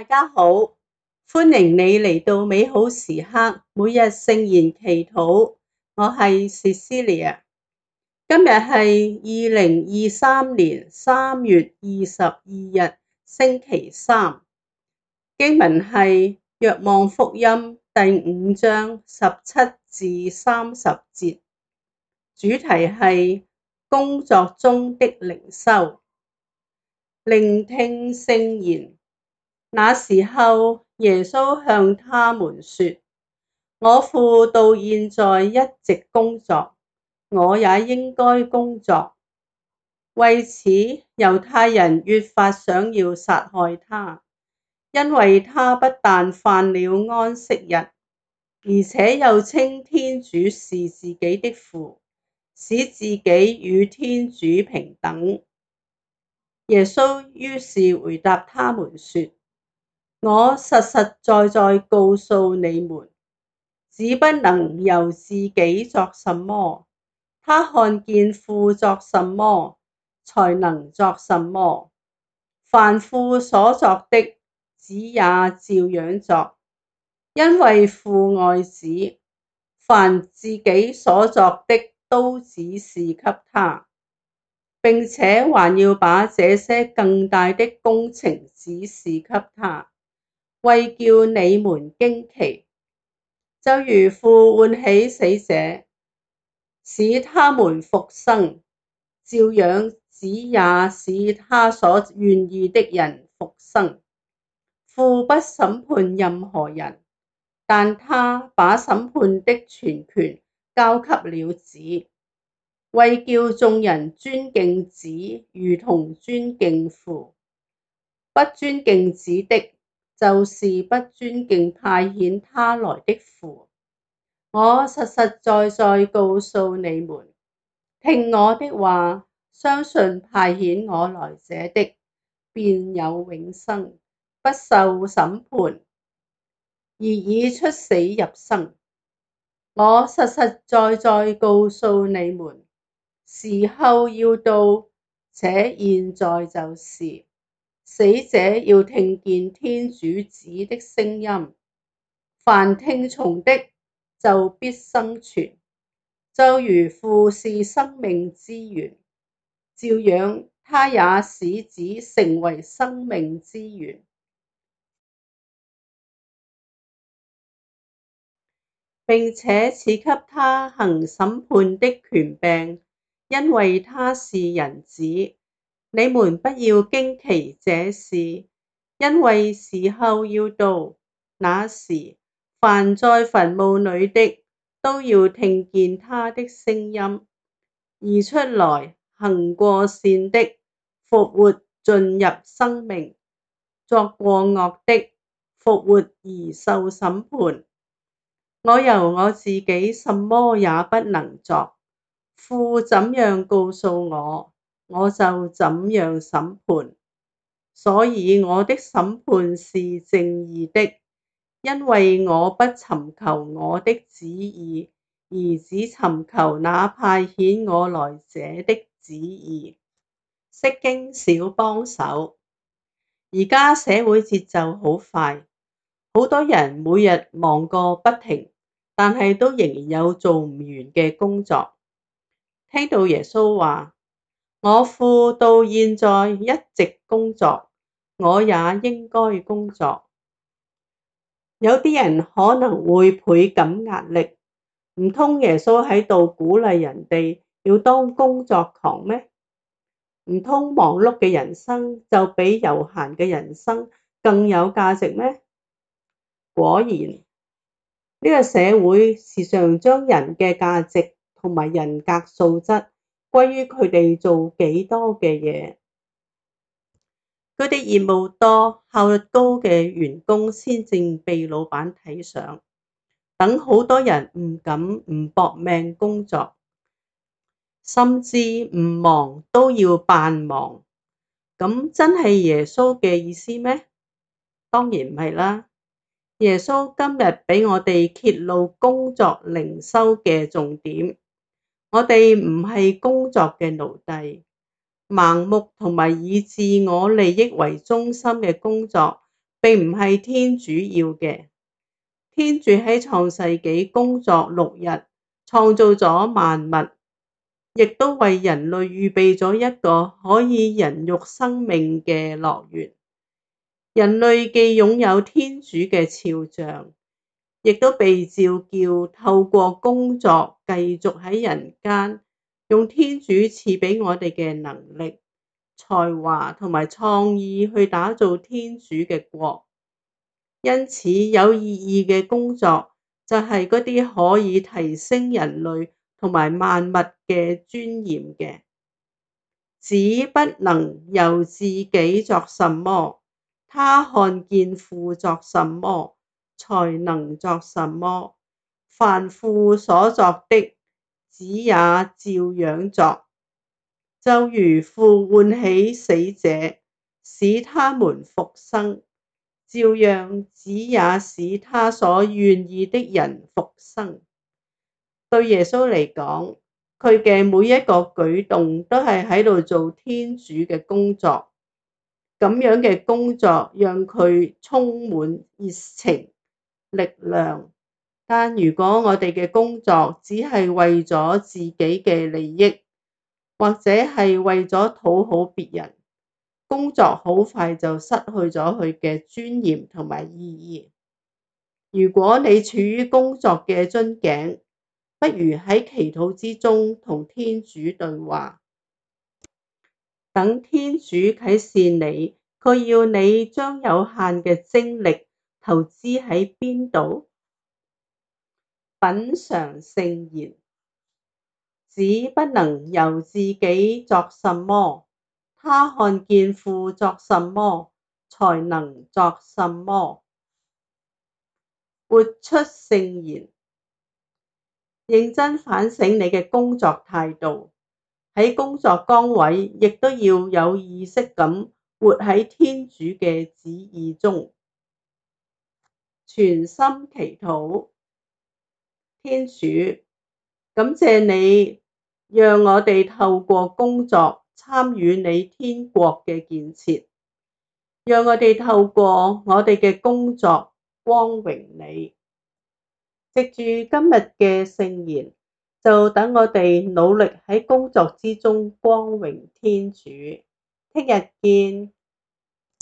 大家好，歡迎你嚟到美好時刻每日聖言祈禱。我係薛思 c、e、今日係二零二三年三月二十二日星期三。經文係《約望福音》第五章十七至三十節，主題係工作中的靈修，聆聽聖言。那時候，耶穌向他們說：我父到現在一直工作，我也應該工作。為此，猶太人越發想要殺害他，因為他不但犯了安息日，而且又稱天主是自己的父，使自己與天主平等。耶穌於是回答他們說：我實實在在告訴你們，子不能由自己作什麼，他看見父作什麼，才能作什麼。凡父所作的，子也照樣作，因為父愛子，凡自己所作的，都指示給他，並且還要把這些更大的工程指示給他。為叫你們驚奇，就如父喚起死者，使他們復生，照樣子也使他所願意的人復生。父不審判任何人，但他把審判的全權交給了子，為叫眾人尊敬子，如同尊敬父；不尊敬子的，就是不尊敬派遣他來的父，我實實在在告訴你們，聽我的話，相信派遣我來者的，便有永生，不受審判，而已出死入生。我實實在在告訴你們，時候要到，且現在就是。死者要聽見天主子的聲音，凡聽從的，就必生存。就如父是生命之源，照樣他也使子成為生命之源，並且賜給他行審判的權柄，因為他是人子。你們不要驚奇這事，因為時候要到，那時凡在墳墓裏的都要聽見他的聲音，而出來行過善的復活進入生命，作過惡的復活而受審判。我由我自己什麼也不能作，父怎樣告訴我。我就怎樣審判，所以我的審判是正義的，因為我不尋求我的旨意，而只尋求那派遣我來者的旨意。釋經小幫手，而家社會節奏好快，好多人每日忙個不停，但係都仍然有做唔完嘅工作。聽到耶穌話。我父到現在一直工作，我也應該工作。有啲人可能會倍感壓力，唔通耶穌喺度鼓勵人哋要當工作狂咩？唔通忙碌嘅人生就比悠閑嘅人生更有價值咩？果然，呢個社會時常將人嘅價值同埋人格素質。歸於佢哋做幾多嘅嘢，佢哋業務多、效率高嘅員工先正被老闆睇上。等好多人唔敢唔搏命工作，甚至唔忙都要扮忙，咁真係耶穌嘅意思咩？當然唔係啦。耶穌今日俾我哋揭露工作靈修嘅重點。我哋唔係工作嘅奴隸，盲目同埋以自我利益為中心嘅工作，並唔係天主要嘅。天主喺創世紀工作六日，創造咗萬物，亦都為人類預備咗一個可以孕育生命嘅樂園。人類既擁有天主嘅肖像。亦都被召叫，透過工作繼續喺人間，用天主賜畀我哋嘅能力、才華同埋創意去打造天主嘅國。因此有意義嘅工作就係嗰啲可以提升人類同埋萬物嘅尊嚴嘅。子不能由自己作什麼，他看見父作什麼。才能作什麼，凡父所作的，子也照樣作。就如父喚起死者，使他們復生，照樣子也使他所願意的人復生。對耶穌嚟講，佢嘅每一個舉動都係喺度做天主嘅工作。咁樣嘅工作，讓佢充滿熱情。力量，但如果我哋嘅工作只係為咗自己嘅利益，或者係為咗討好別人，工作好快就失去咗佢嘅尊嚴同埋意義。如果你處於工作嘅樽頸，不如喺祈禱之中同天主對話，等天主啟示你，佢要你將有限嘅精力。投資喺邊度？品嚐聖言，子不能由自己作什麼，他看見父作什麼，才能作什麼。活出聖言，認真反省你嘅工作態度，喺工作崗位亦都要有意識咁活喺天主嘅旨意中。全心祈禱。天主，感謝你讓我哋透過工作參與你天國嘅建設，讓我哋透過我哋嘅工作光榮你。藉住今日嘅聖言，就等我哋努力喺工作之中光榮天主。聽日見。